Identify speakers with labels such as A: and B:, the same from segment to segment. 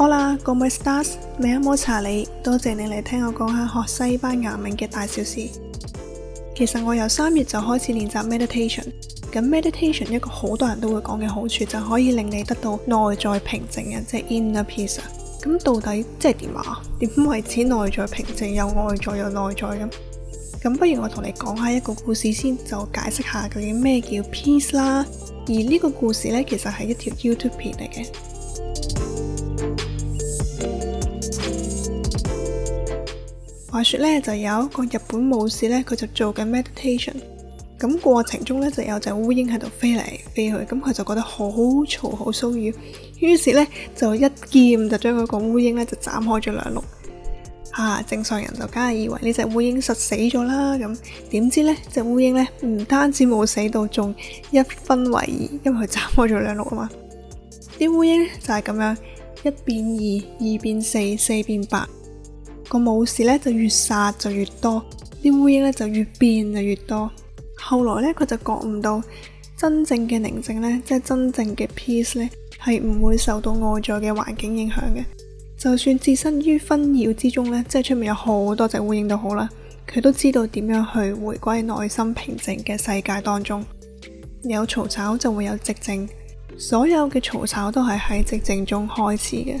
A: 好啦，各位 stars，你阿摩查你，多謝你嚟聽我講下學西班牙文嘅大小事。其實我由三月就開始練習 meditation。咁 meditation 一個好多人都會講嘅好處，就可以令你得到內在平靜嘅，即係 inner peace。咁到底即係點啊？點維持內在平靜？又外在又內在咁？咁不如我同你講下一個故事先，就解釋下究竟咩叫 peace 啦。而呢個故事呢，其實係一條 YouTube 片嚟嘅。話說咧，就有一個日本武士咧，佢就做緊 meditation，咁過程中咧就有隻烏蠅喺度飛嚟飛去，咁佢就覺得好嘈好騷擾，於是咧就一劍就將嗰個烏蠅咧就斬開咗兩碌。啊，正常人就梗係以為隻呢隻烏蠅實死咗啦，咁點知咧隻烏蠅咧唔單止冇死到，仲一分為二，因為佢斬開咗兩碌啊嘛。啲烏蠅咧就係、是、咁樣，一變二，二變四，四變八。個武士咧就越殺就越多，啲烏蠅咧就越變就越多。後來咧，佢就覺悟到真正嘅寧靜咧，即係真正嘅 peace 咧，係唔會受到外在嘅環境影響嘅。就算置身於紛擾之中咧，即係出面有好多隻烏蠅都好啦，佢都知道點樣去回歸內心平靜嘅世界當中。有嘈吵就會有寂靜，所有嘅嘈吵都係喺寂靜中開始嘅。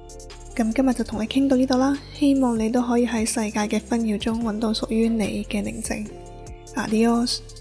A: 咁今日就同你傾到呢度啦，希望你都可以喺世界嘅紛擾中搵到屬於你嘅寧靜。Adios。